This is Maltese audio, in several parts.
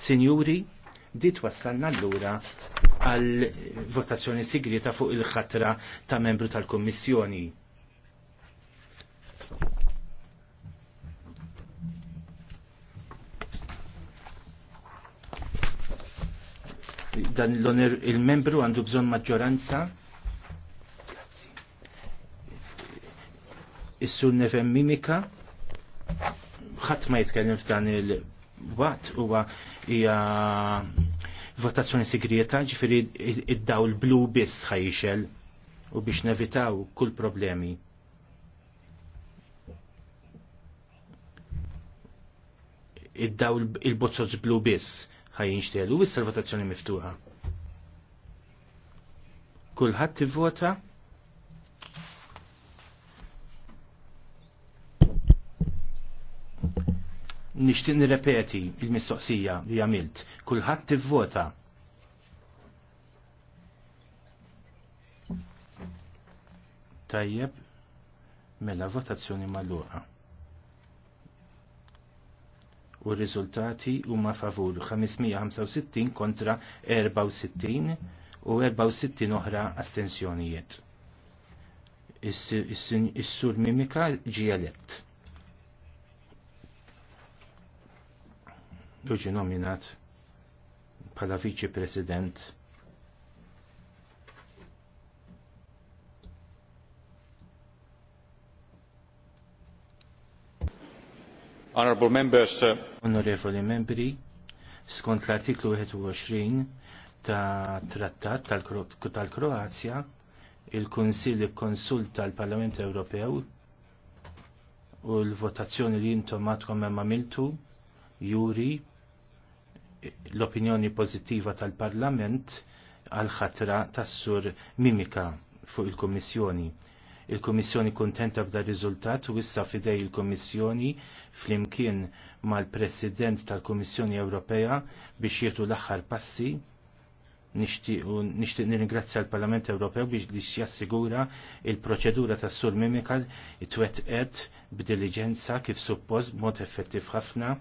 Sinjuri, dit wassalna allura għal votazzjoni sigrita fuq il-ħatra ta' membru tal-Kommissjoni. dan l-oner il-membru għandu bżon maġġoranza is-sur nefem mimika ħadd ma jitkellem f'dan il- waqt huwa hija votazzjoni segreta ġifieri id-dawl blu biss ħajxel u biex nevitaw kull problemi. Id-daw il-bozzozz blu biss ħajinxtel u l-votazzjoni miftuħa. Kulħadd ivvota nixtieq nirrepeti il-mistoqsija li għamilt. Kulħadd tivvota tajjeb mela votazzjoni magħluqa. U r-riżultati huma favur 565 kontra 64 u 64 oħra astensjonijiet. Is-sur mimika ġie elett. Luġi nominat bħala viċi president Honorable members, uh, onorevoli membri, skont l-artiklu 21 ta' trattat tal-Kroazja, il-Kunsill konsulta l-Parlament Ewropew u l-votazzjoni li jintom għadkom hemm għamiltu juri l-opinjoni pozittiva tal-Parlament għal ħatra tas-sur Mimika fuq il-Kommissjoni. Il-Kommissjoni kontenta b'da riżultat u issa fidej il-Kommissjoni flimkien mal-President tal-Kommissjoni Ewropea biex jietu l-aħħar passi nishtiq nirringrazzja l-Parlament Ewropew biex li jassigura il-proċedura tas sur mimika twetqet b'diligenza kif suppost b'mod effettiv ħafna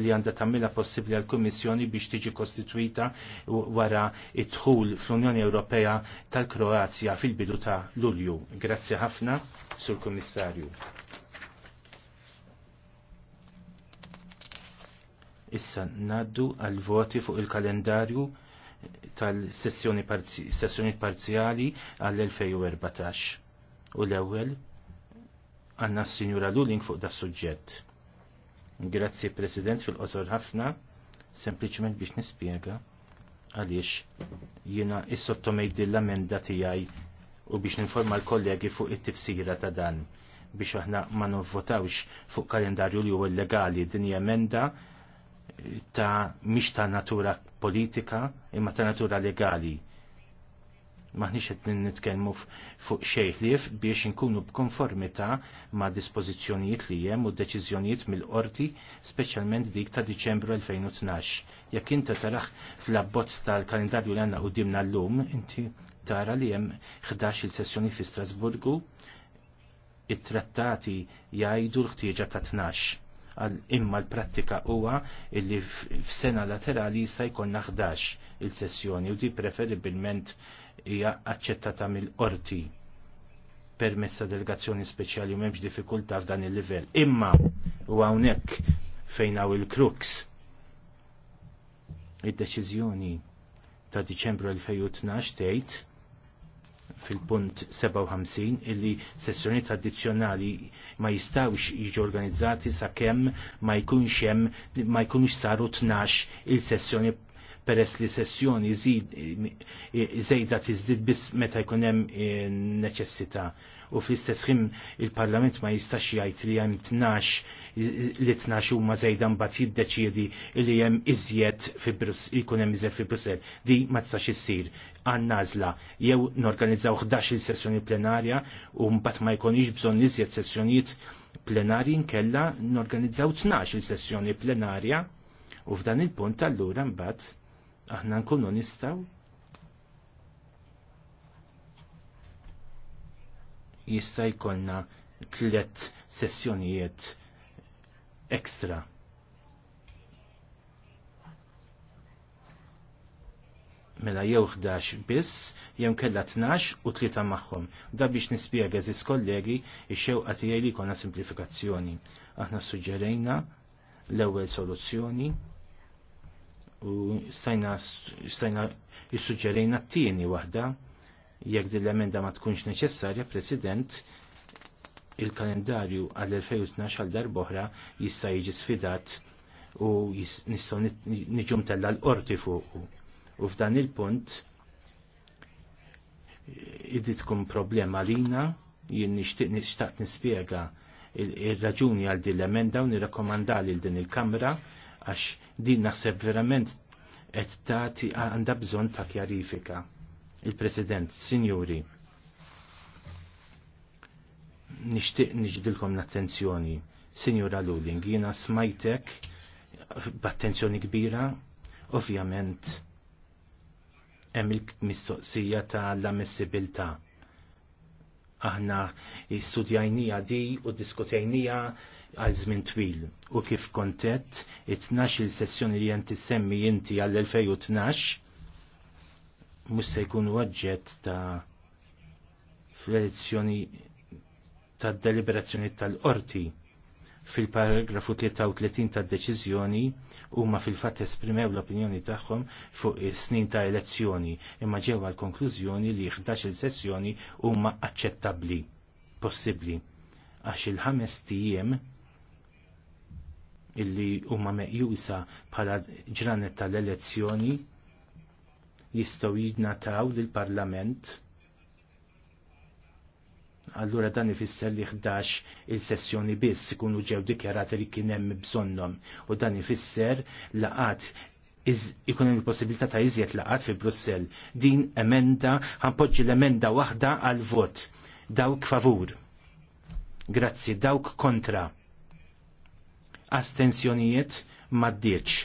li għandha tagħmilha possibbli għall-Kummissjoni biex tiġi kostitwita wara id-dħul fl-Unjoni Ewropea tal-Kroazja fil-bidu ta' Lulju. Grazzi ħafna sur Kummissarju. Issa naddu għal-voti fuq il-kalendarju tal-sessjoni parzi, parzjali għall-2014. U l-ewwel għanna s-Sinjura Luling fuq da' suġġett. Grazzi President fil-qosor ħafna, sempliċement biex nispjega għaliex jiena is-sottomejt din l-amenda tiegħi u biex ninforma l-kollegi fuq it-tifsira ta' dan biex aħna ma nivvotawx fuq kalendarju li huwa legali din hija emenda ta' mhix ta' natura politika imma ta' natura legali maħniċ qed nitkellmu fuq xejħlief biex inkunu b'konformità ma' dispożizzjonijiet li hemm u deċiżjonijiet mill-qorti, speċjalment dik ta' Diċembru 2012. Jekk inti taraħ fl-abbozz tal-kalendarju li għandna qudiemna llum, inti tara li hemm 11 il-sessjoni fi Strasburgu, it-trattati jgħidu l-ħtieġa ta' 12 imma l-prattika huwa illi f'sena laterali jista' jkollna 11 il-sessjoni u di preferibilment hija aċċettata mill-qorti permezz ta' delegazzjoni speċjali u m'hemmx diffikultà f'dan il-livell. Imma u hawnhekk fejn hawn il-crux id-deċiżjoni ta' Diċembru 2012 tgħid fil-punt 57 illi sessjoni tradizzjonali ma jistawx jiġu organizzati sakemm ma jkunx hemm ma jkunx saru 12 il-sessjoni peress li sessjoni zejda tiżdid biss meta jkun hemm e, neċessità u fl-istess ħin il-Parlament ma jistax jgħid li hemm tnax li tnax huma żejda mbagħad jiddeċiedi li hemm iżjed fi jkun hemm iżjed fi Brussell. Di ma tistax issir għan-nażla jew norganizzaw 11 sessjoni plenarja u mbagħad ma jkunx bżonn iżjed sessjonijiet plenarji nkella norganizzaw 12 sessjoni plenarja u f'dan il-punt allura mbagħad aħna nkunu nistaw jista' jkollna tliet sessjonijiet ekstra. mela jew 11 biss, jew kella 12 u tlieta magħhom. Da biex nispjega żis kollegi ix-xewqa tiegħi li jkollna simplifikazzjoni. Aħna suġġerejna l-ewwel soluzzjoni u stajna stajna jissuġġerejna t-tieni waħda jekk din l-emenda ma tkunx neċessarja, President, il-kalendarju għall-2012 għal darboħra jista' jiġi sfidat u nistgħu niġum tella l-qorti fuq. U f'dan il-punt id tkun problema lina jien nixtieq nixtaq nispjega il raġuni għal din l-emenda u nirrakkomandali l din il-Kamra għax Din naħseb verament qed tagħti għandha bżonn ta' kjarifika. Il-President, Sinjuri, nixtieq niġdilkom l-attenzjoni. Sinjura Luling, jiena smajtek b'attenzjoni kbira, ovvjament hemm il-mistoqsija ta' l-ammissibilità. Aħna studjajnija di u diskutejnija għal żmien twil u kif kontett it-tnax il-sessjoni li jenti semmi inti għall-2012 mhux se jkunu oġġett ta' fl-elezzjoni tad deliberazzjoni tal-qorti fil-paragrafu 33 tad-deċiżjoni huma fil-fatt esprimew l-opinjoni tagħhom fuq is-snin ta' elezzjoni imma ġew għall-konklużjoni li 11 sessjoni huma aċċettabbli possibbli għax il-ħames tijiem illi huma meqjusa bħala ġranet tal-elezzjoni jistgħu jingħataw lill-Parlament. Allura dan ifisser li 11 il-sessjoni biss ikunu ġew dikjarati li kien hemm bżonnhom u dan ifisser laqat ikun hemm il-possibilità ta' iżjed laqat fi Brussell. Din emenda ħanpoġġi l-emenda waħda għal vot. Dawk favur. Grazzi, dawk kontra astensjonijiet maddieċ.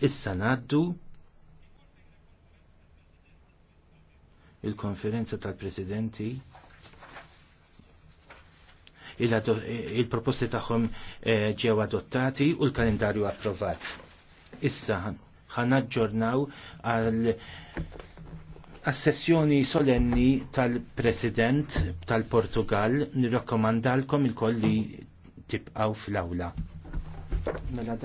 Issa naddu il-konferenza tal-presidenti il-proposti tagħhom eh, ġew adottati u l-kalendarju approvat. Issa ħanaġġornaw għal sessjoni solenni tal-President tal-Portugal nirrakkomandalkom il-kolli tibqaw fl-awla. Mela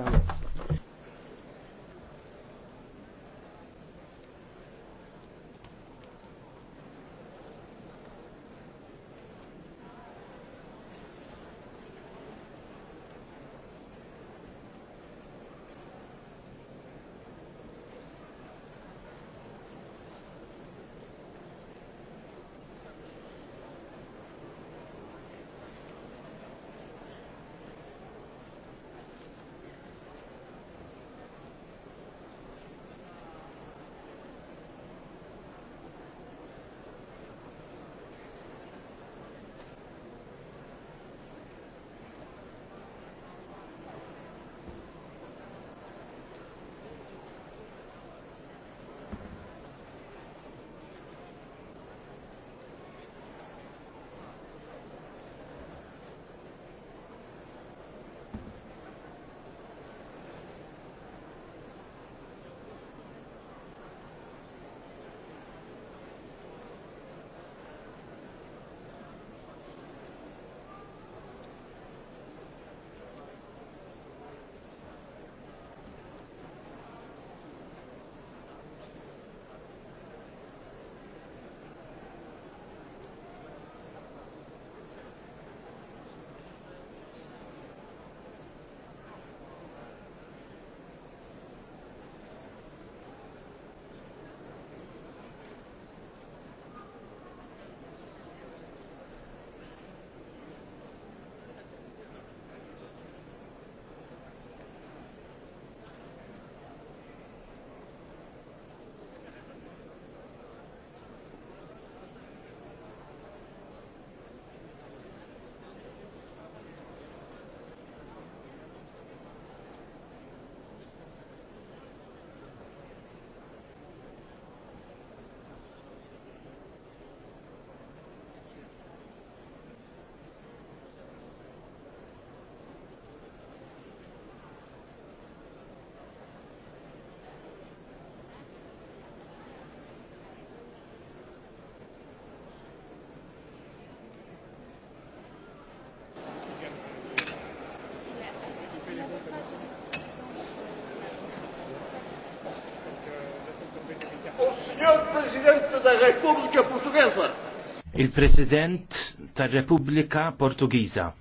Presidente da Repubblica Portuguesa. Il Presidente tar Repubblica Portuguesa.